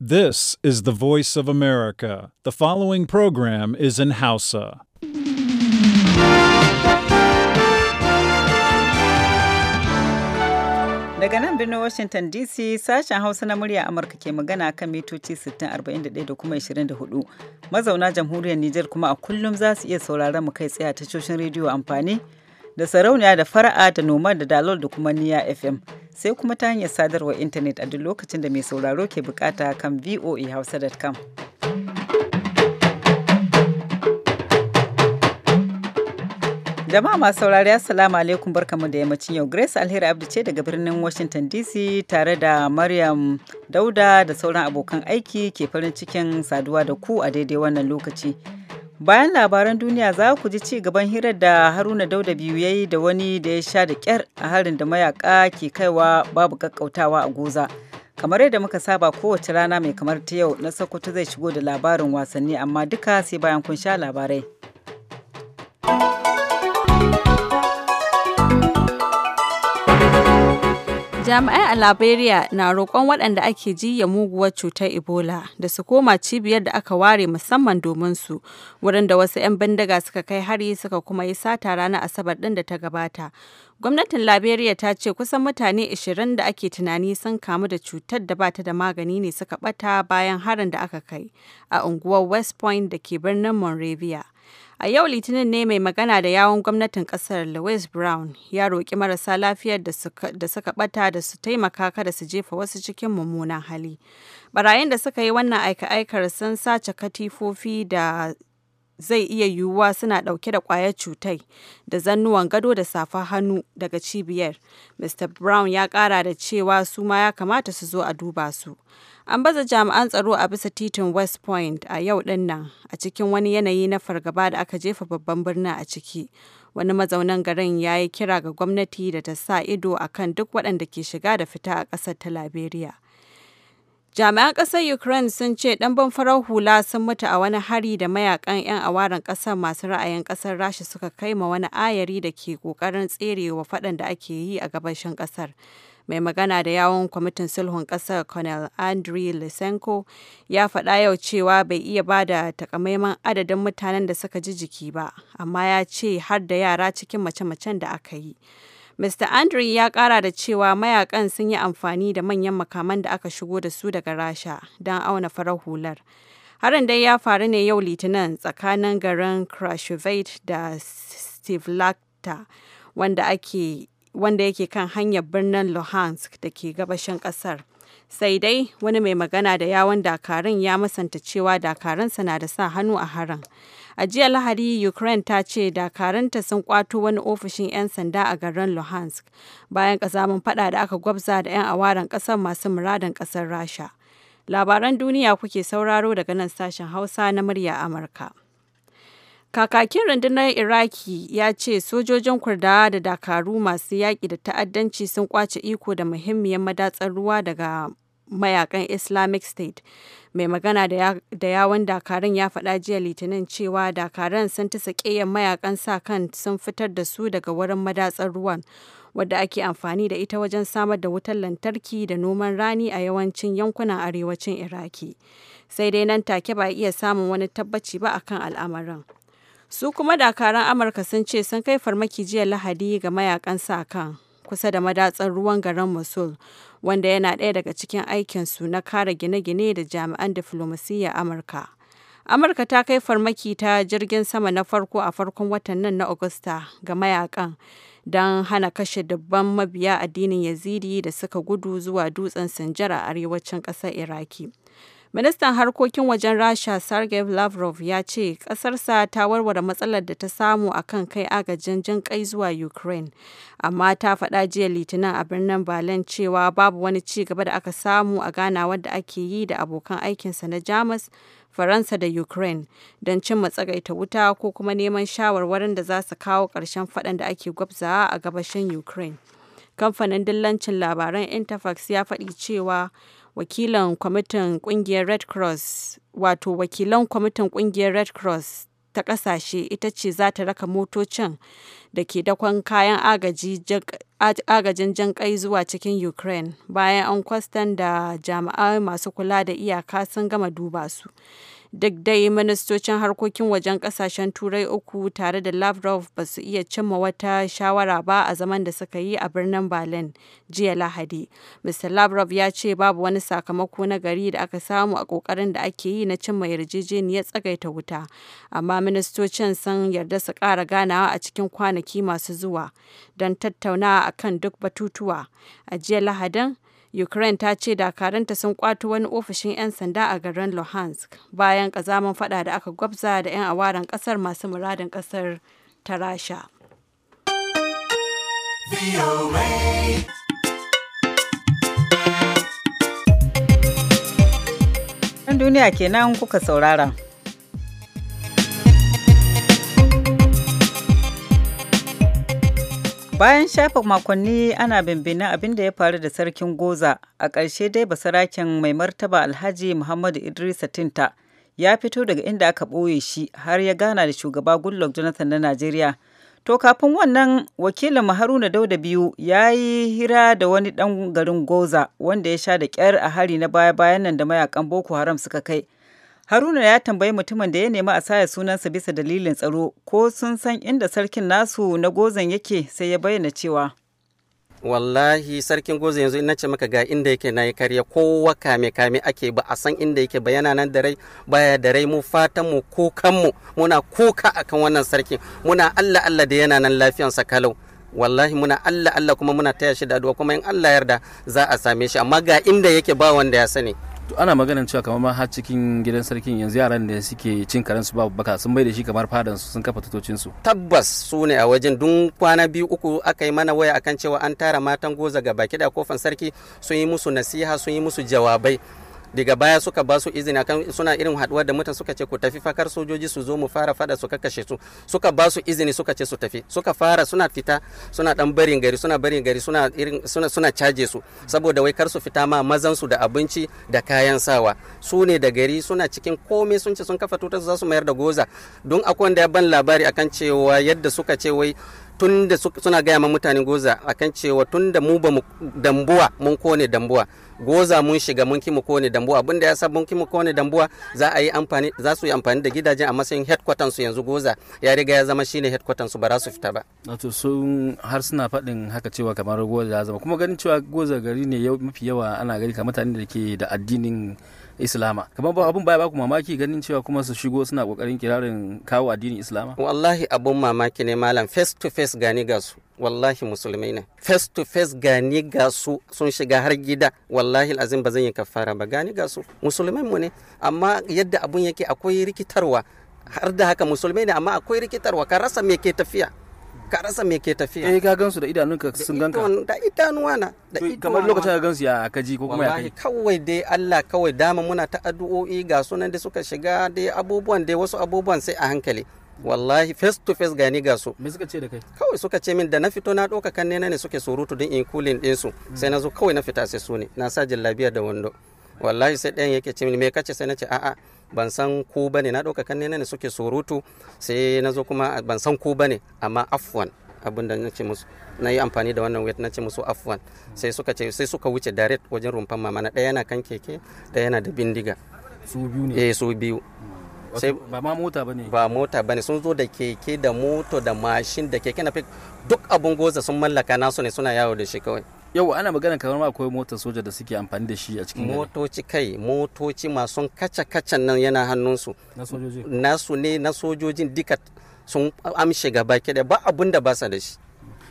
This is the voice of America. The following program is in Hausa. Daga nan birnin Washington DC sashen Hausa na murya Amurka ke magana kan mitoci 6041 da kuma 24. Mazauna jamhuriyar Nijar kuma a kullum za su iya sauraron mu kai tsaye a tashoshin rediyo amfani da sarauniya da fara'a da noma da dalol da kuma niya fm sai kuma ta hanyar sadarwar intanet a duk lokacin da mai sauraro ke bukata kan voahausa.com jama'a masu saurari assalamu alaikum barkamu da yammacin yau grace alheri abdu ce daga birnin washington dc tare da maryam dauda da sauran abokan aiki ke farin cikin saduwa da ku a daidai wannan lokaci Bayan labaran duniya za ku ji ci gaban hirar da Haruna Dauda biyu ya yi da wani da ya sha da kyar a harin da mayaka ke kaiwa babu kakkautawa a goza. Kamar yadda muka saba kowace rana mai kamar ta yau na Sokoto zai shigo da labarin wasanni amma duka sai bayan kun sha labarai. Jami'ai a Liberia na roƙon waɗanda ake ya muguwar cutar Ebola da su koma cibiyar da aka ware musamman domin su, wurin da wasu 'yan bindiga suka kai hari suka kuma yi sata ranar Asabar ɗin da ta gabata. Gwamnatin Liberia ta ce kusan mutane 20 da ake tunani sun kamu da cutar da bata da magani ne suka ɓata bayan harin da aka kai a unguwar West Point da ke birnin Monrovia. A yau Litinin ne mai magana da yawon gwamnatin kasar Louis Brown ya roƙi marasa lafiyar da suka ɓata da su taimaka kada su jefa wasu cikin mummunan hali. Barayin da suka yi wannan aika-aikar sun sace katifofi da zai iya yiwuwa suna ɗauke da ƙwayar cutai da zannuwan gado da safa hannu daga cibiyar. Mr. Brown ya ƙara da cewa su ma ya kamata su zo a duba su. An baza jami'an tsaro a bisa titin West Point a yau din nan a cikin wani yanayi na fargaba da aka jefa babban birnin a ciki. Wani mazaunan garin ya yi kira ga gwamnati da ta sa ido a kan duk waɗanda ke shiga da fita a ƙasar ta Liberia. Jami'an ƙasar Ukraine sun ce ɗanbin farar hula sun mutu a wani hari da mayakan 'yan awaren ƙasar masu ra'ayin ƙasar Rasha suka kai ma wani ayari da ke ƙoƙarin tserewa faɗan da ake yi a gabashin ƙasar. mai magana da yawon kwamitin sulhun ƙasar colonel andriy lisenko ya faɗa yau cewa bai iya ba da takamaiman adadin mutanen da suka ji jiki ba amma ya ce har da yara cikin mace-macen da aka yi Mr. Andrew ya ƙara da cewa mayakan sun yi amfani da manyan makaman da aka shigo da su daga Rasha don auna farar hular. Harin dai ya faru ne yau Litinin tsakanin garin krashevite da Stivlakta wanda ake wanda yake kan hanyar birnin Luhansk da ke gabashin kasar, Sai dai wani mai magana da yawon dakarun ya masanta cewa dakarunsa na da sa hannu a harin. A jiya Lahadi, Ukraine ta ce dakarunta sun kwato wani ofishin 'yan sanda a garin Luhansk bayan kasamun fada da aka gwabza da 'yan awaren ƙasar masu muradin ƙasar Rasha. Labaran duniya kuke sauraro daga nan sashen Hausa na murya Amurka. Kakakin rundunar Iraki ya ce sojojin Kurdawa da dakaru masu yaƙi da ta'addanci sun kwace iko da muhimmiyar madatsar ruwa daga mayakan Islamic State. Mai magana da yawon dakarun ya faɗa jiya Litinin cewa dakaran sun ta saƙeyar mayakan sa kan sun fitar da su daga wurin madatsar ruwan, wadda ake amfani da ita wajen samar da wutar lantarki da noman rani a yawancin yankunan arewacin Iraki. Sai dai nan take ba iya samun wani tabbaci ba akan al'amarin. su kuma dakaran amurka sun ce sun kai farmaki jiya lahadi ga mayakan sa kan kusa da madatsar ruwan garin mosul wanda yana ɗaya daga cikin aikinsu na kare gine-gine da jami'an diflomasiyyar amurka amurka ta kai farmaki ta jirgin sama na farko a farkon watan nan na agusta ga mayakan don hana kashe dubban mabiya addinin yazidi da suka gudu zuwa dutsen sinjara a arewacin ƙasar iraki Ministan harkokin wajen Rasha Sergei Lavrov ya ce ƙasarsa ta warware matsalar da ta samu a kan kai agajin jin kai zuwa Ukraine, amma ta faɗa jiya Litinin a birnin Berlin cewa babu wani ci gaba da aka samu a ganawar da ake yi da abokan aikinsa na Jamus, Faransa da Ukraine don cimma tsagaita wuta ko kuma neman shawarwarin da za su kawo ƙarshen faɗan da ake gwabzawa a gabashin Ukraine. Kamfanin dillancin labaran Interfax ya faɗi cewa wakilan kwamitin kungiyar Red Cross, wato wakilan kwamitin kungiyar Red Cross ta ƙasashe ita ce za ta raka motocin da ke dakon kayan agajin jan kai zuwa cikin Ukraine bayan an kwastan da jami'ai masu kula da iyaka sun gama duba su. Duk dai ministocin harkokin wajen kasashen Turai uku tare da Lavrov ba su iya cimma wata shawara ba a zaman da suka yi a birnin Berlin jiya Lahadi. Mr. Lavrov ya ce babu wani sakamako na gari da aka samu a kokarin da ake yi na cimma yarjejeniyar tsagaita wuta. Amma ministocin sun yarda su ƙara ganawa a cikin kwanaki masu zuwa don tattauna akan duk batutuwa. A jiya Lahadin Ukraine ta ce dakaranta sun kwato wani ofishin 'yan sanda a garin Luhansk bayan kazaman fada da aka gwabza da 'yan awaren kasar masu muradin kasar ta Rasha. duniya kenan kuka saurara. bayan shafa makonni ana bimbina abin da ya faru da sarkin goza a ƙarshe dai sarakin mai martaba alhaji muhammadu idris tinta ya fito daga inda aka ɓoye shi har ya gana da shugaba goodluck jonathan na najeriya to kafin wannan wakilin haruna dauda biyu ya yi hira da wani ɗan garin goza wanda ya sha da ƙyar a hari na baya-bayan nan da mayakan boko haram suka kai Haruna ya tambayi mutumin da ya nemi a saya sunansa bisa dalilin tsaro ko sun san inda sarkin nasu na gozan yake sai ya bayyana cewa. Wallahi sarkin gozan yanzu ina ce maka ga inda yake na yi karya kowa kame kame ake ba a san inda yake bayana nan da rai baya da rai mu fatan mu kukan mu muna kuka akan wannan sarkin muna Allah Allah da yana nan lafiyansa kalau. wallahi muna Allah Allah kuma muna taya shi da kuma in Allah yarda za a same shi amma ga inda yake ba wanda ya sani ana maganin cewa kamar ma har cikin gidan sarkin yanzu yaran da suke cin karen su babu baka sun bai da shi kamar fadan su sun kafa tutocin su tabbas su ne a wajen dun kwana biyu uku aka yi mana waya akan cewa an tara matan goza ga baki da kofan sarki sun yi musu nasiha sun yi musu jawabai daga baya suka ba su izini akan suna irin haduwa da mutan suka ce ku tafi fakar sojoji su zo mu fara fada su kakkashe su suka ba su izini suka ce su tafi suka fara suna fita suna dan barin gari suna barin gari suna irin suna suna caje su saboda wai kar su fita ma mazan su da abinci da kayan sawa su ne da gari suna cikin komai sun ce sun kafa tutar su za su mayar da goza don akwai wanda ya ban labari akan cewa yadda suka ce wai tun da suna gaya ma mutane goza akan cewa tun da mu ba dambuwa mun kone dambuwa goza mun shiga mun ki mu kone dambuwa abinda ya sa mun ki mu kone dambuwa za a yi amfani za su yi amfani da gidajen a matsayin headquarters su yanzu goza ya riga ya zama shine headquarters su ba za su fita ba wato sun har suna faɗin haka cewa kamar goza ya zama kuma ganin cewa goza gari ne mafi yawa ana gani ka mutane da ke da addinin islama kamar ba abun baya ba ku mamaki ganin cewa kuma su shigo suna kokarin kirarin kawo addinin islama wallahi abun mamaki ne malam face to face gani ga su wallahi musulmai ne face to face gani ga su sun shiga har gida wallahi azim ba zan yi kafara ba gani ga su musulmai mu ne amma yadda abun yake akwai rikitarwa har da haka musulmai ne amma akwai rikitarwa ka rasa me ke tafiya ka rasa me ke tafiya eh ka gansu da idanunka sun ganka da idanuwa na da idanuwa kamar lokacin ka gansu ya kaji ko kuma ya kai kawai dai Allah kawai dama muna ta addu'o'i ga sunan da suka shiga dai abubuwan dai wasu abubuwan sai a hankali wallahi face to face gani ga su me suka ce da kai kawai suka ce min da na fito na ɗauka kan ne ne suke surutu din in kulin din su hmm. sai na zo kawai na fita sai su ne na sa jallabiya da wando wallahi sai ɗayan yake ce min me kace sai na ce a'a ban san ku bane na ɗauka kan ne suke surutu sai na zo kuma ban san ku bane amma afwan abin da na ce musu na yi amfani da wannan wet na ce musu afwan sai suka ce sai suka wuce direct wajen rumfan mama na ɗaya na kan keke ɗaya na da bindiga su biyu ne eh su biyu sai ba ma mota bane ba mota bane sun zo da keke da moto da mashin da keke na duk abun goza sun mallaka nasu ne suna yawo da shi kawai yau ana magana kamar ma akwai motar soja da suke amfani da shi a cikin motoci kai motoci masu kaca kacan nan yana hannunsu na sojoji nasu ne na sojojin duka sun amshe gaba da ba abun da ba sa da shi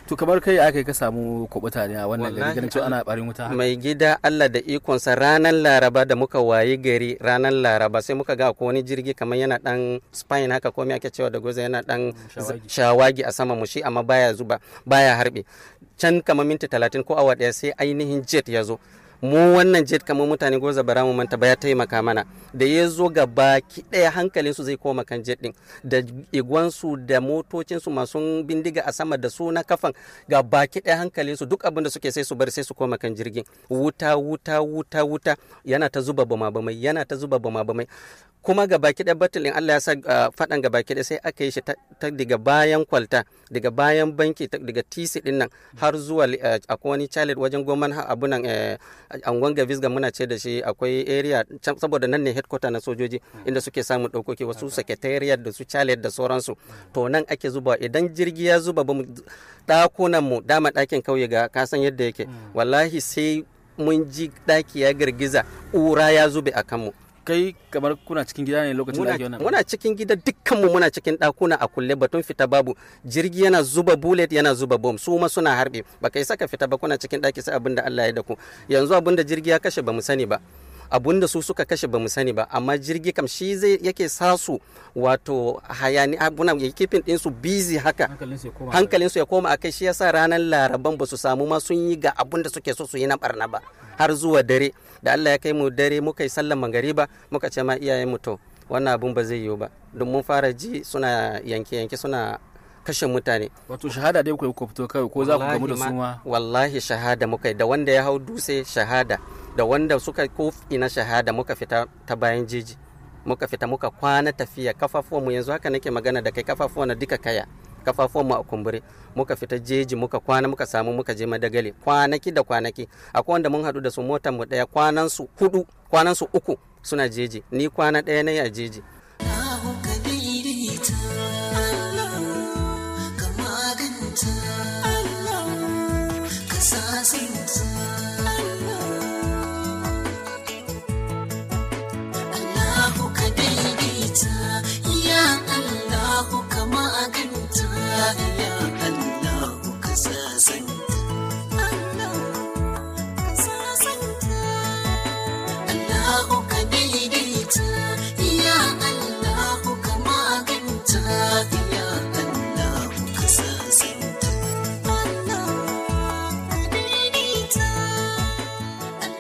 to kamar kai aka yi ka samu kubuta ne a wannan gari ganin cewa ana barin wuta mai gida Allah da ikonsa ranar laraba da muka wayi gari ranar laraba sai muka ga ko wani jirgi kamar yana dan spine haka ko ake cewa da goza yana dan mm, shawagi a sama mushi amma baya zuba baya harbe can kamar minti 30 ko awa daya sai ainihin jet ya zo mu wannan jet kamar mutane goza bara mu manta ba ya taimaka mana da ya zo ga baki ɗaya hankalin su zai koma kan jet din da igwansu da motocin su masu bindiga a sama da su na kafan ga baki ɗaya hankalin su duk abin da suke sai su bar sai su koma kan jirgin wuta wuta wuta wuta yana ta zuba bama bamai yana ta zuba bama bamai kuma ga baki ɗaya battle Allah ya sa ah, faɗan ga baki ɗaya sai aka yi shi ta daga bayan kwalta daga bayan banki daga tisi ɗin nan har zuwa ah, akwai wani challenge wajen goman abunan eh, angon gavis visga muna ce da shi akwai area saboda nan ne headquarter na sojoji inda suke samun ɗaukoki wasu secretariat da su challenge da sauransu to nan ake zuba idan jirgi ya zuba ba mu ɗakunan mu dama ɗakin kauye ga kasan yadda yake hmm. wallahi sai mun ji ɗaki ya girgiza ƙura ya zube a kanmu kai kamar kuna cikin gida ne lokacin da ake wannan muna cikin gida dukkan muna cikin dakuna a kulle batun fita babu jirgi yana zuba bullet yana zuba bomb su ma suna harbe baka isa ka fita ba kuna cikin daki sai da Allah ya da ku yanzu abinda jirgi ya kashe ba mu sani ba abun da su suka kashe ba mu sani ba amma jirgi kam shi zai yake sa su wato hayani abuna ya kifin din su busy haka hankalin su ya koma akai shi yasa ranar laraban ba su samu ma sun yi ga abun da suke so su yi na barna ba har zuwa dare da Allah ya kai mu dare muka yi sallan magariba muka ce ma iyayen mu to wannan abun ba zai yiwu ba don mun fara ji suna yanke yanke suna kashe mutane wato shahada dai kuka fito kai ko za ku gamu da su ma wallahi shahada muka da wanda ya hau dutse shahada da wanda suka ko ina shahada muka fita ta bayan jeji. muka fita muka kwana tafiya mu yanzu haka nake magana da kai kafafuwan duka kaya mu a kumbure muka fita jeji muka kwana muka samu muka je madagali kwanaki da kwanaki akwai wanda mun haɗu da su motan mu ɗaya kwanan su hudu kwanan su uku suna jeji ni kwana ɗaya na a jeji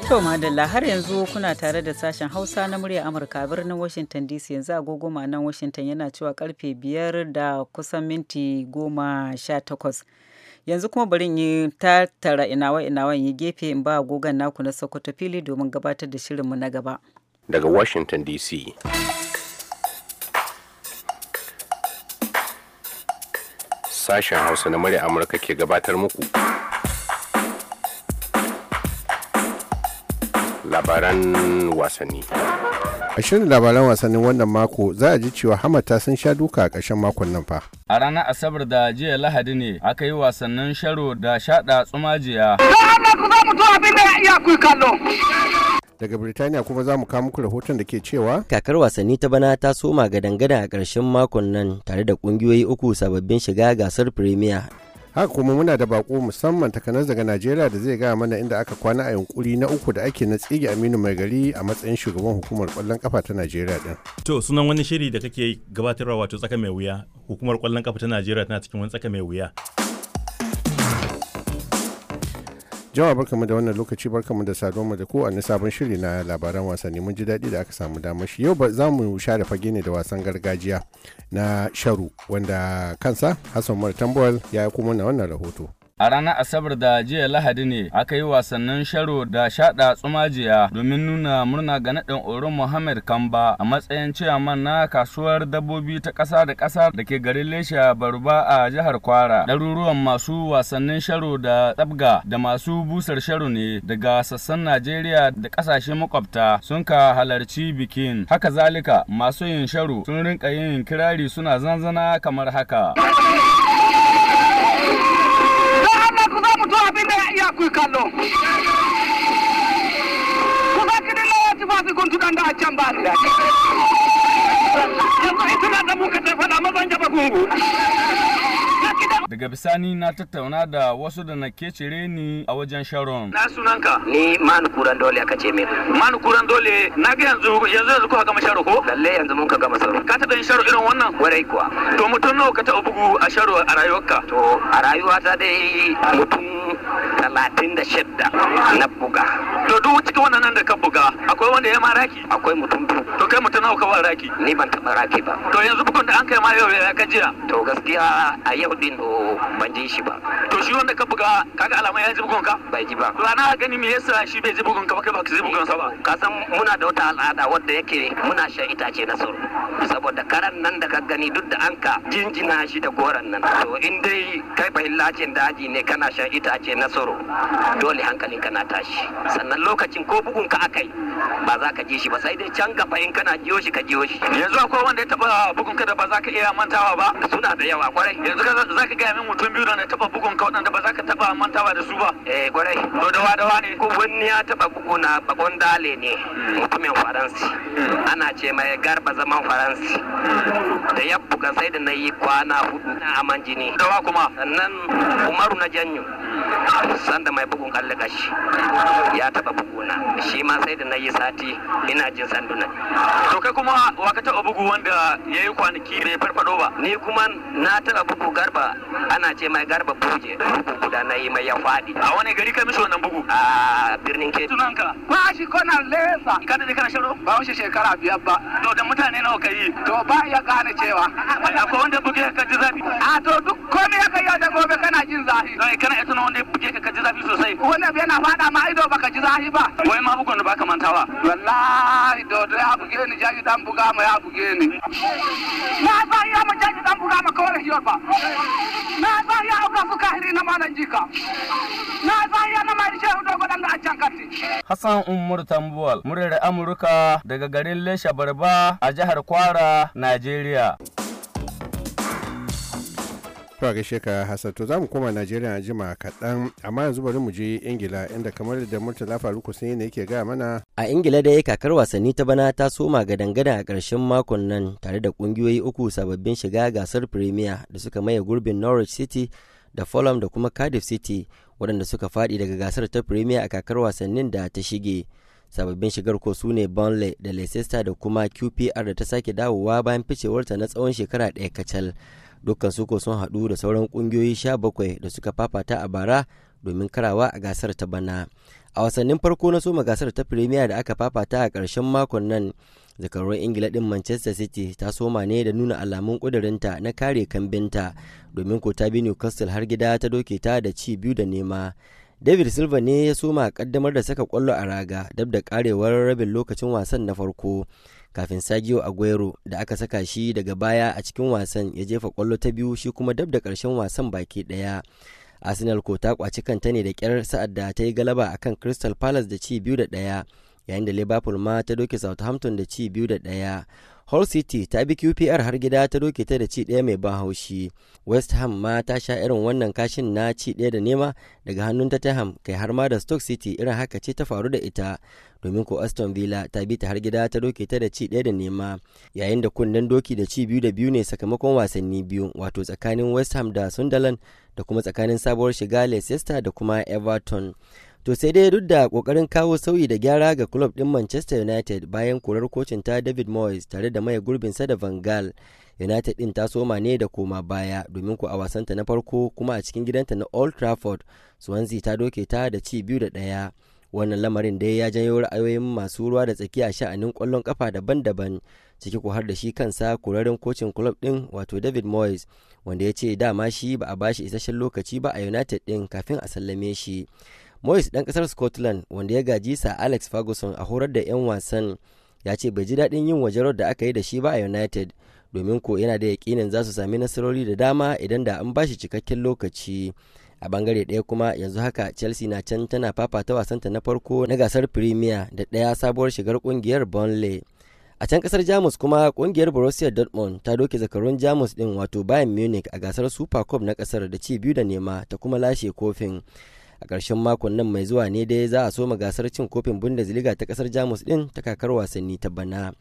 To Madalla har yanzu kuna tare da sashen Hausa na murya Amurka birnin Washington DC yanzu agogo nan Washington yana cewa karfe biyar da kusan minti goma sha takwas. Yanzu kuma bari yi tattara inawa inawa yi gefe in ba agogon naku na Sokoto fili domin gabatar da shirinmu na gaba. Daga Washington DC. Sashen Hausa na murya Amurka ke gabatar muku. labaran wasanni. A shirin labaran wasannin wannan mako za a ji cewa ta sun sha duka a ƙarshen makon nan fa. A ranar Asabar da jiya Lahadi ne aka yi wasannin sharo da shaɗa tsumajiya. daga Birtaniya kuma za mu kawo muku rahoton da ke cewa kakar wasanni ta bana ta soma ga dangana a ƙarshen makon nan tare da ƙungiyoyi uku sababbin shiga gasar Premier haka kuma muna da bako musamman takanas daga najeriya da zai gaya mana inda aka kwana a yunkuri na uku da ake na tsige aminu mai gari a matsayin shugaban hukumar kwallon kafa ta najeriya din to sunan wani shiri da kake gabatarwa wato tsaka mai wuya hukumar kwallon kafa ta najeriya tana cikin wani tsaka mai wuya jama'a barkamu da wannan lokaci barkamu da saduwa da ko na sabon shiri na labaran wasanni mun ji daɗi da aka samu damar shi yau ba za mu share fage ne da wasan gargajiya na sharu wanda kansa hassan mara tambuwal ya yi kuma na wannan rahoto A ranar Asabar da jiya Lahadi ne aka yi wasannin sharo da shaɗa tsumajiya domin nuna murna ga naɗin Oron Muhammad Kamba a matsayin ciyaman na kasuwar dabbobi ta ƙasa da ƙasa da ke garin Lesha Baruba a jihar Kwara. Ɗaruruwan masu wasannin sharo da tsabga da masu busar sharo ne daga sassan Najeriya da ƙasashe makwabta sun ka halarci bikin. Haka zalika masu yin sharo sun rinka yin kirari suna zanzana kamar haka. nda wama kuva mutu wapinde yakwikalo kuvakidilawati vavikuntudanda achambanda itunadamukatefanamazanja vakungu Daga bisani na tattauna da wasu da na ke cire ni a wajen Sharon. Na sunanka ni Manu Kuran Dole aka ce min. Manu Kuran Dole na ga yanzu yanzu yanzu kuka gama sharo ko? Lalle yanzu mun ka gama sharo. Ka taɓa yin sharo irin wannan? Warai kuwa. To mutum nawa ka taɓa bugu a sharo a rayuwarka? To a rayuwa ta dai mutum talatin da shidda na buga. to duk cikin wannan da ka buga akwai wanda ya maraki? akwai mutum biyu to kai mutum nawa ka wa raki ni ban taba raki ba to yanzu bugun da an kai ma yau ya gajiya to gaskiya a yau din oh, ban ji shi ba to shi wanda ka buga kaga alama ya ji bugun ka bai ji ba rana gani me yasa shi bai ji bugun ka ba kai ba ka ji bugun sa ba eh, ka san muna da wata al'ada wadda yake muna shan itace na sauro saboda karan nan da ka gani duk da an ka jinjina shi da goran nan to in dai kai bahillacin daji ne kana shan itace na sauro dole hankalinka na tashi sannan wannan lokacin ko bugun ka yi, ba za ka ji shi ba sai dai can gaba in kana jiyo shi ka jiyo shi yanzu akwai wanda ya taba bugun ka da ba za ka iya mantawa ba suna da yawa kwarai yanzu za ka gaya min mutum biyu da na taba bugun ka waɗanda ba za ka taba mantawa da su ba eh kwarai to dawa dawa ne ko wani ya taba na bakon dale ne mutumin faransi hmm. ana ce mai garba zaman faransi hmm. da ya buga sai da na yi kwana hudu na aman jini dawa kuma sannan umaru na janyo sanda mai bugun allaka shi ya taba buguna shi ma sai da na yi sati ina jin sanduna to kai kuma wa ka taba bugu wanda ya yi kwanaki bai farfado ba ni kuma na taba bugu garba ana ce mai garba buje bugu guda na yi mai ya fadi a wani gari ka mishi wannan bugu a birnin ke sunanka ba shi kona lesa ka da kana shiro ba wace shekara biyar ba to da mutane nawa ka yi to ba ya gane cewa akwai wanda buge ka ji zafi a to duk komai ya kai da gobe kana jin zafi kana ita wanda buge ka zafi sosai yana fada ma ido baka ji Hassan Umar Tambuwal muryar Amurka daga garin Lesha Barba a jihar Kwara Najeriya to ga sheka hassan to zamu koma najeriya a jima kaɗan amma yanzu bari mu je ingila inda kamar da murtala faruku sai ne yake gaya mana a ingila da ya kakar wasanni ta bana ta soma ga dangana a ƙarshen makon nan tare da ƙungiyoyi uku sababbin shiga gasar premier da suka maye gurbin norwich city da fulham da kuma cardiff city waɗanda suka faɗi daga gasar ta premier a kakar wasannin da ta shige sababbin shigar ko su ne Burnley da Leicester da kuma QPR da ta sake dawowa bayan ficewarta na tsawon shekara ɗaya kacal. dukkan su ko sun haɗu da sauran ƙungiyoyi sha bakwai da suka fafata a bara domin karawa a gasar ta bana a wasannin farko na soma gasar ta firimiya da aka fafata a ƙarshen makon nan zakarun ingila din manchester city ta soma ne da nuna alamun ƙudurinta na kare kambinta domin ko ta bi newcastle har gida ta doke ta da ci biyu da nema david silva ne ya soma kaddamar da saka kwallo a raga dab da karewar rabin lokacin wasan na farko kafin Sergio Aguero da aka saka shi daga baya a cikin wasan ya jefa kwallo ta biyu shi kuma dab da ƙarshen wasan baki ɗaya. Arsenal ko ta kwaci kanta ne da kyar sa'ad da ta yi galaba akan Crystal Palace da ci biyu da ɗaya yayin da Liverpool ma ta doke Southampton da ci biyu da ɗaya. Hull City ta bi QPR har gida ta doke ta da ci ɗaya mai ban haushi. West Ham ma ta sha irin wannan kashin na ci ɗaya da nema daga hannun ham kai har ma da Stoke City irin haka ce ta faru da ita. Domin ko Aston Villa ta bi ta har gida ta doke ta da ci ɗaya da nema yayin da kunnen doki da ci biyu da biyu ne sakamakon wasanni biyu wato tsakanin West Ham da Sunderland da kuma tsakanin sabuwar shiga Leicester da kuma Everton. To sai dai duk da kokarin kawo sauyi da gyara ga club din Manchester United bayan kurar kocin ta David Moyes tare da mai gurbin sa da Van Gaal. United din ta soma ne da koma baya domin ku a wasanta na farko kuma a cikin gidanta na Old Trafford Swansea ta doke ta da ci biyu da ɗaya. Wannan lamarin dai ya janyo ra'ayoyin masu ruwa da tsaki a sha'anin kwallon kafa daban-daban ciki ku har da shi kansa kurarin kocin club din wato David Moyes wanda ya ce dama shi ba a bashi isasshen lokaci ba a United din kafin a sallame shi. Moyes ɗan ƙasar Scotland wanda ya gaji sa Alex Ferguson a horar da 'yan wasan ya ce bai ji daɗin yin wajarar da aka yi da shi ba a United domin ko yana da yaƙinin za su sami nasarori da dama idan da an bashi cikakken lokaci. A bangare ɗaya kuma yanzu haka Chelsea na can tana fafata wasanta na farko na gasar Premier da ɗaya sabuwar shigar ƙungiyar Burnley. a can ƙasar jamus kuma ƙungiyar borussia dortmund ta doke zakarun jamus ɗin wato bayern munich a gasar super cup na kasar da ci biyu da nema ta kuma lashe kofin a ƙarshen makon nan mai zuwa ne dai za a soma gasar cin kofin bundesliga ta ƙasar jamus ɗin ta kakar wasanni ta bana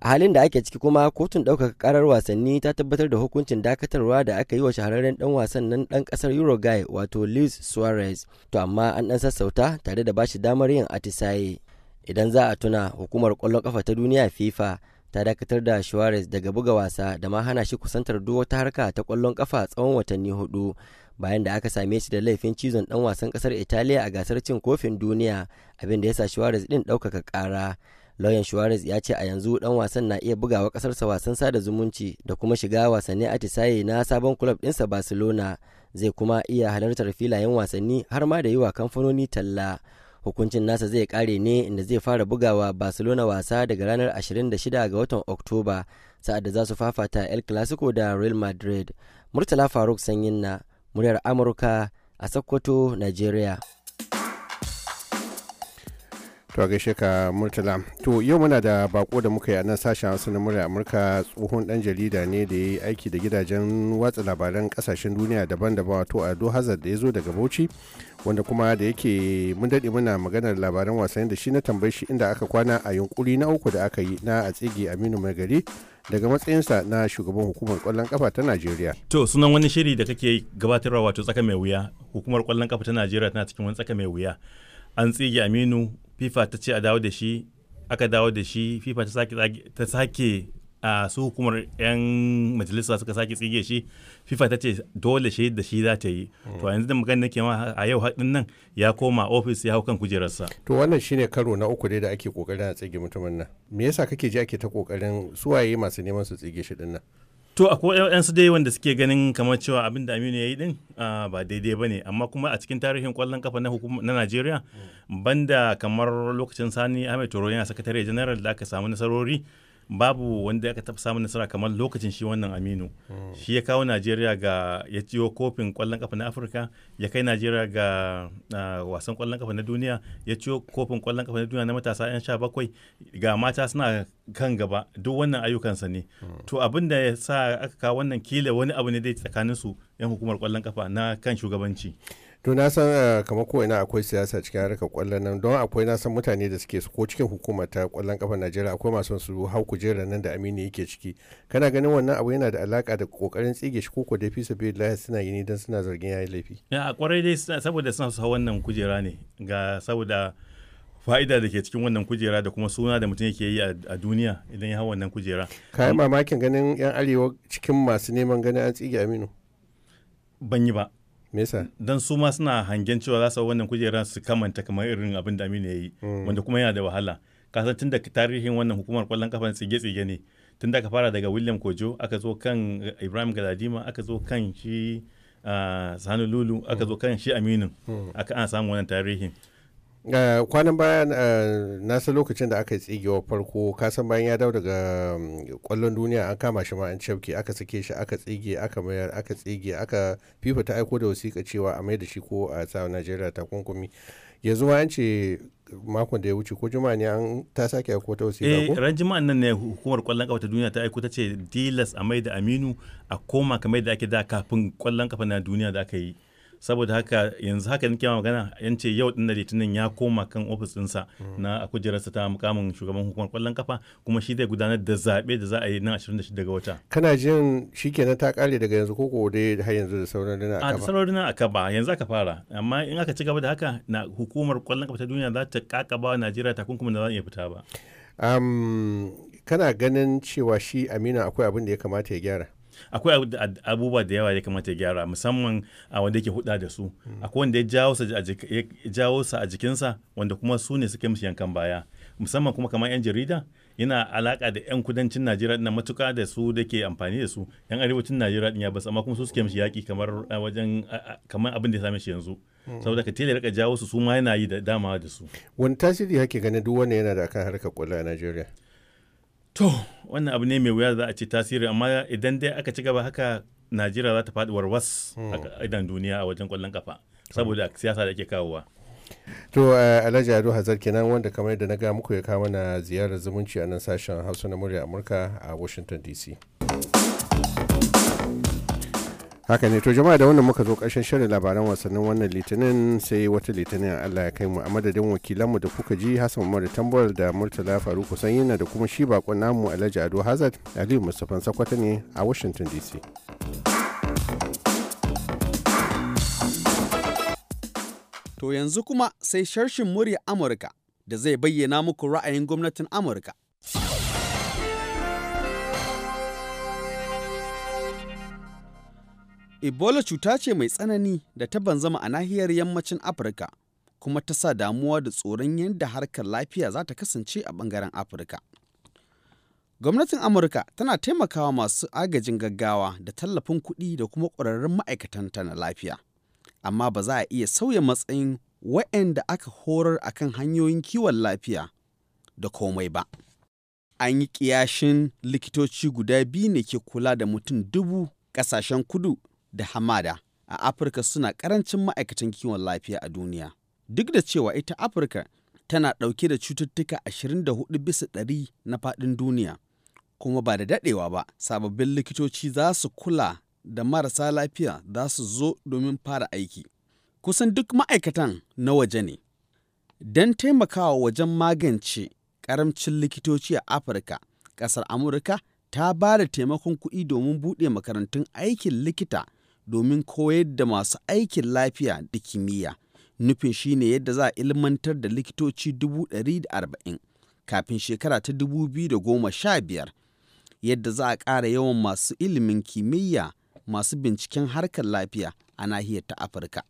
a halin da ake ciki kuma kotun ɗaukaka karar wasanni ta tabbatar da hukuncin dakatarwa da aka yi wa shahararren ɗan wasan nan ɗan ƙasar uruguay wato luis suarez to amma an ɗan sassauta tare da bashi damar yin atisaye idan za a tuna hukumar kwallon kafa ta duniya fifa ta dakatar da Suarez daga buga wasa da ma hana shi kusantar duk wata harka ta ƙwallon kafa tsawon watanni hudu bayan da aka same shi da laifin cizon dan wasan kasar italiya a gasar cin kofin duniya abin da ya sa suarez din ɗaukaka ƙara lauyan suarez ya ce a yanzu dan wasan na iya bugawa ƙasarsa wasan sada zumunci da kuma shiga wasanni atisaye na sabon kulob ɗinsa barcelona zai kuma iya halartar filayen wasanni har ma da yi wa kamfanoni talla hukuncin nasa zai kare ne inda zai fara bugawa barcelona wasa daga ranar 26 ga watan oktoba sa'ad da za su fafata el clasico da real madrid murtala faruk sanyin na muryar amurka a sokoto nigeria to gaishe ka murtala to yau muna da bako da muka yi a nan sashen hausa na murya amurka tsohon dan jarida ne da ya yi aiki da gidajen watsa labaran kasashen duniya daban-daban wato a do hazard da ya zo daga bauchi wanda kuma da yake mun daɗe muna maganar labaran wasanni da shi na tambayi shi inda aka kwana a yunkuri na uku da aka yi na a tsige aminu mai gari daga matsayinsa na shugaban hukumar kwallon kafa ta Najeriya. To sunan wani shiri da kake gabatarwa wato tsaka mai wuya hukumar kwallon kafa ta Najeriya tana cikin wani tsaka mai wuya. An tsige Aminu FIFA ta ce a dawo da shi aka dawo da shi FIFA ta sake a su hukumar 'yan majalisa suka sake tsige shi fifa ta ce dole shi da shi za ta yi to yanzu da magana nake ma a yau haɗin nan ya koma ofis ya hau kan kujerarsa to wannan shine karo na uku dai da ake kokarin a tsige mutumin nan me yasa kake ji ake ta kokarin suwaye masu neman su tsige shi din to akwai yan su dai wanda suke ganin kamar cewa abin da Aminu ya yi din ba daidai ba ne amma kuma a cikin tarihin kwallon kafa na hukuma na Najeriya banda kamar lokacin Sani Ahmed Toro yana sakatare general da aka samu nasarori babu wanda aka taɓa samun nasara kamar lokacin shi wannan aminu shi ya kawo najeriya ga ya ciyo kofin kwallon kafa na afirka ya kai najeriya ga wasan kwallon kafa na duniya ya ciyo kofin kwallon kafa na duniya na matasa 'yan sha bakwai ga mata suna kan gaba duk wannan ayyukansa ne to abin da ya sa aka kawo wannan kila wani abu ne dai su 'yan hukumar kwallon kafa na kan shugabanci to na san eh, kamar ko ina akwai siyasa cikin harkar kwallon nan don akwai na san mutane da suke ko cikin hukumar ta kwallon kafa najeriya akwai masu su hau kujerar nan da aminu yake ciki kana ganin wannan abu yana da alaka da kokarin tsige shi koko da fisa bai lahi suna yi ne don suna zargin yayi laifi a kwarai dai saboda suna su hau wannan kujera ne ga saboda fa'ida da ke cikin wannan kujera da kuma suna da mutum yake yi a duniya idan ya hau wannan kujera kayan mamakin ganin yan arewa cikin masu neman ganin an tsige aminu ban yi ba Mesa. Dan su ma suna hangen cewa za su wannan kujera su kamanta kamar irin abin da Aminu ya yi mm. wanda kuma yana da wahala. Kasan tun da tarihin wannan hukumar kwallon kafa tsige-tsige ne. Tun da aka fara daga William Kojo aka zo kan Ibrahim Galadima aka zo kan shi ah, Sani Lulu aka zo kan shi Aminu mm. aka an samu wannan tarihin. Eh, kwanan baya eh, na san lokacin da aka yi wa farko kasan bayan ya dawo daga mm, kwallon duniya an kama shi ma an cafke aka sake shi aka tsige aka mayar aka tsige aka fifa ta aiko da wasiƙa cewa a mai da shi ko a sa najeriya takunkumi yanzu ma an ce makon da ya wuce ko juma'a ne an ta sake aiko ta wasiƙa eh, ko? ran juma'an nan ne hukumar kwallon kafa ta duniya ta aiko ta ce dilas a mai da aminu a koma kamar da ake da kafin kwallon kafa na duniya da aka yi saboda haka yanzu haka nake magana yan ce yau din da litinin ya koma kan ofis ɗinsa na a kujerarsa ta mukamin shugaban hukumar kwallon kafa kuma shi zai gudanar da zaɓe da za a yi nan 26 daga wata kana jin shikenan ta kare daga yanzu ko dai har yanzu da sauran rina a da sauran rina a ba yanzu aka fara amma in aka ci gaba da haka na hukumar kwallon kafa ta duniya za ta kakaba wa Najeriya takunkumin da za a iya fita ba kana ganin cewa shi Amina akwai abin da ya kamata ya gyara akwai abubuwa da yawa ya kamata ya gyara musamman a wanda yake huda da su hmm. akwai wanda ya jawo sa a jikinsa wanda kuma su ne suke musu yankan baya musamman kuma kamar yan jarida yana alaka da yan kudancin najeriya na matuka da su da ke amfani da su yan arewacin najeriya din ya basu amma kuma su suke mishi yaki kamar wajen kamar abin da ya same shi yanzu hmm. saboda ka tele rika jawo su su ma yana yi da dama da su wani tasiri ke ganin duk wanda yana da akan harkar kwallo a najeriya To, wannan abu ne mai wuya za a ce tasiri, amma idan dai aka ci gaba haka Najeriya za ta faɗi warwas a hmm. idan duniya a wajen ƙwallon kafa, hmm. saboda siyasa da ke kawowa. To, eh, Alhaji Ado Hazar kenan wanda kamar yadda na ga muku ya kawo na ziyarar zumunci a nan sashen Hausa na murya Amurka a Washington DC. haka ne to jama'a da wannan muka zo ƙarshen shirin labaran wasannin wannan litinin sai wata litinin allah ya kai mu a madadin wakilanmu da kuka ji hassan umar tambuwar da murtala faru kusan yana da kuma shi bakon namu alhaji ado hazard aliyu mustapha sakwata ne a washington dc to yanzu kuma sai sharshin murya amurka da zai bayyana muku ra'ayin gwamnatin amurka Ebola cuta ce mai tsanani da ta banzama a nahiyar Yammacin Afirka kuma ta sa damuwa da tsoron yadda harkar lafiya za ta kasance a bangaren Afirka. Gwamnatin Amurka tana taimakawa masu agajin gaggawa da tallafin kuɗi da kuma ƙwararrun ma'aikatanta na lafiya, amma ba za a iya sauya matsayin waɗanda aka horar akan hanyoyin kiwon lafiya da komai ba. An yi ƙiyashin likitoci guda biyu ne ke kula da mutum dubu ƙasashen kudu da hamada a Afirka suna ƙarancin ma'aikatan kiwon lafiya a duniya. Duk da cewa ita Afirka tana ɗauke da cututtuka 24 bisa ɗari na faɗin duniya, kuma ba da daɗewa ba sababbin likitoci za su kula da marasa lafiya za su zo domin fara aiki. Kusan duk ma'aikatan na waje ne. Don taimakawa wajen magance ƙaramcin likitoci a Afirka, ƙasar Amurka ta ba da taimakon kuɗi domin buɗe makarantun aikin likita. domin koyar da masu aikin lafiya da kimiyya. Nufin shi ne yadda za a ilmantar da likitoci dubu ɗari da arba'in kafin shekara ta dubu goma sha biyar, yadda za a ƙara yawan masu ilimin kimiyya masu binciken harkar lafiya a nahiyar ta Afirka.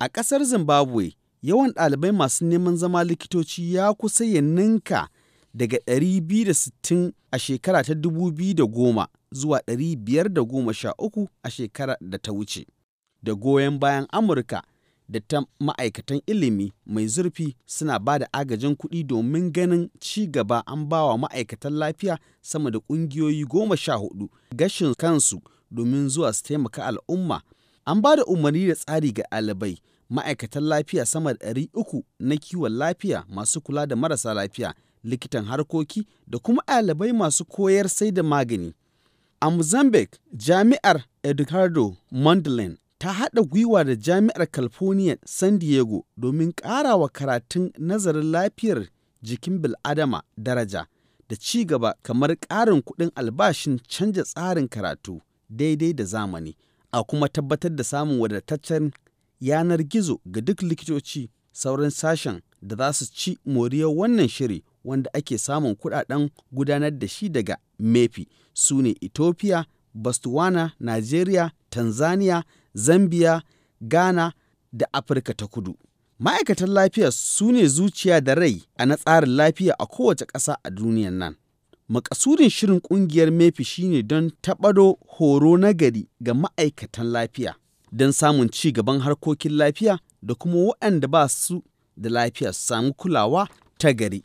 A ƙasar Zimbabwe, yawan ɗalibai masu neman zama likitoci ya kusa ya ninka daga ɗari biyu da sittin a shekara ta goma. zuwa 513 a shekara da ta wuce, da goyon bayan Amurka da ta ma'aikatan ilimi mai zurfi suna ba da agajin kuɗi domin ganin ci gaba an ba wa ma'aikatan lafiya sama da ƙungiyoyi goma sha hudu gashin kansu domin zuwa su taimaka al'umma. An ba da umarni da tsari ga ɗalibai ma'aikatan lafiya sama da ɗari uku na kiwon lafiya masu kula da marasa lafiya likitan harkoki da kuma ɗalibai masu koyar sai da magani. A Mozambique, Jami'ar Eduardo Mondlane ta haɗa gwiwa da Jami'ar California, San Diego domin ƙara wa karatun nazarin lafiyar jikin bil'adama daraja da ci gaba kamar ƙarin kuɗin albashin canja tsarin karatu daidai da zamani, a kuma tabbatar da samun wadataccen yanar gizo ga duk likitoci sauran sashen da za su ci moriyar wannan shiri. wanda ake samun kudaden gudanar da shi daga mefi su ne ethiopia botswana nigeria tanzania zambia ghana da afirka ta kudu ma'aikatan lafiya su ne zuciya da rai a na tsarin lafiya a kowace ƙasa a duniyar nan makasudin shirin ƙungiyar mefi shine don taɓaro horo nagari ga ma'aikatan lafiya don samun ci gaban harkokin lafiya da kuma waɗanda ba su da lafiya su samu kulawa ta gari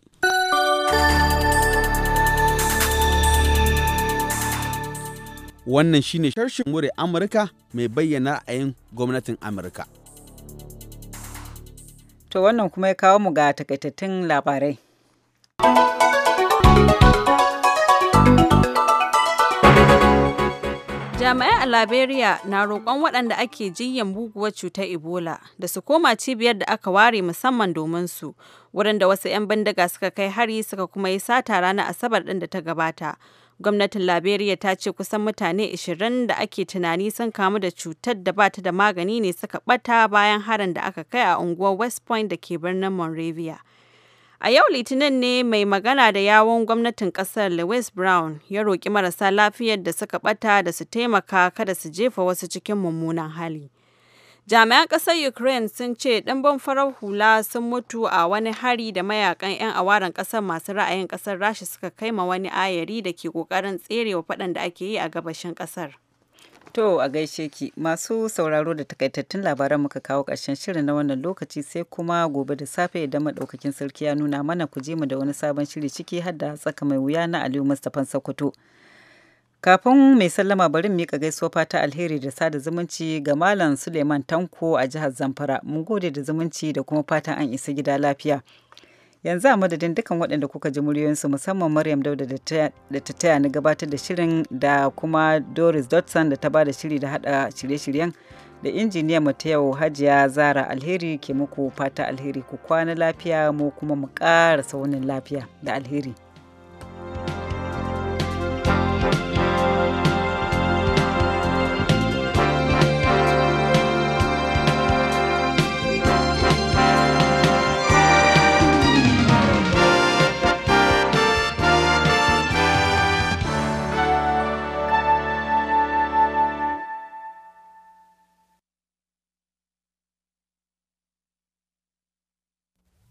Wannan shine sharshin mure Amurka mai bayyana ra'ayin gwamnatin Amurka. To wannan kuma ya kawo mu ga takaitattun labarai. Jami'ai a Liberia na roƙon waɗanda ake jiyyan buguwar cutar Ebola da su koma cibiyar da aka ware musamman domin su, wurin da wasu 'yan bindiga suka kai hari suka kuma yi sata ranar Asabar ɗin da ta gabata. Gwamnatin Liberia ta ce kusan mutane 20 da ake tunani sun kamu da cutar da bata da magani ne suka ɓata bayan harin da aka kai a unguwar West Point da ke birnin Monrovia. A yau Litinin ne mai magana da yawon gwamnatin kasar Lewis Brown ya roƙi marasa lafiyar da suka ɓata da su taimaka kada su jefa wasu cikin mummunan hali. Jami'an ƙasar Ukraine sun ce ɗimbin farar hula sun mutu a wani hari da mayakan 'yan awaren ƙasar masu ra'ayin ƙasar Rasha suka kai ma wani ayari da ke ƙoƙarin tserewa faɗan da ake yi a gabashin ƙasar. To a gaishe ki masu sauraro da takaitattun labaran muka kawo ƙarshen shirin na wannan lokaci sai kuma gobe da safe idan maɗaukakin sarki ya nuna mana ku ji mu da wani sabon shiri ciki har da tsaka mai wuya na Aliyu Mustapha Sokoto. Kafin mai sallama bari mu miƙa gaisuwa fata alheri da sada zumunci ga Malam Suleiman Tanko a jihar Zamfara. Mun gode da zumunci da kuma fatan an isa gida lafiya. yanzu a madadin dukkan waɗanda kuka ji muryoyinsu musamman maryam dauda da ta taya ni gabatar da shirin da kuma doris dotson da ta ba da shiri da hada shirye-shiryen da injiniya mateo hajiya zara alheri ke muku fata alheri ku kwana lafiya mu kuma mu ƙara saunin lafiya da alheri.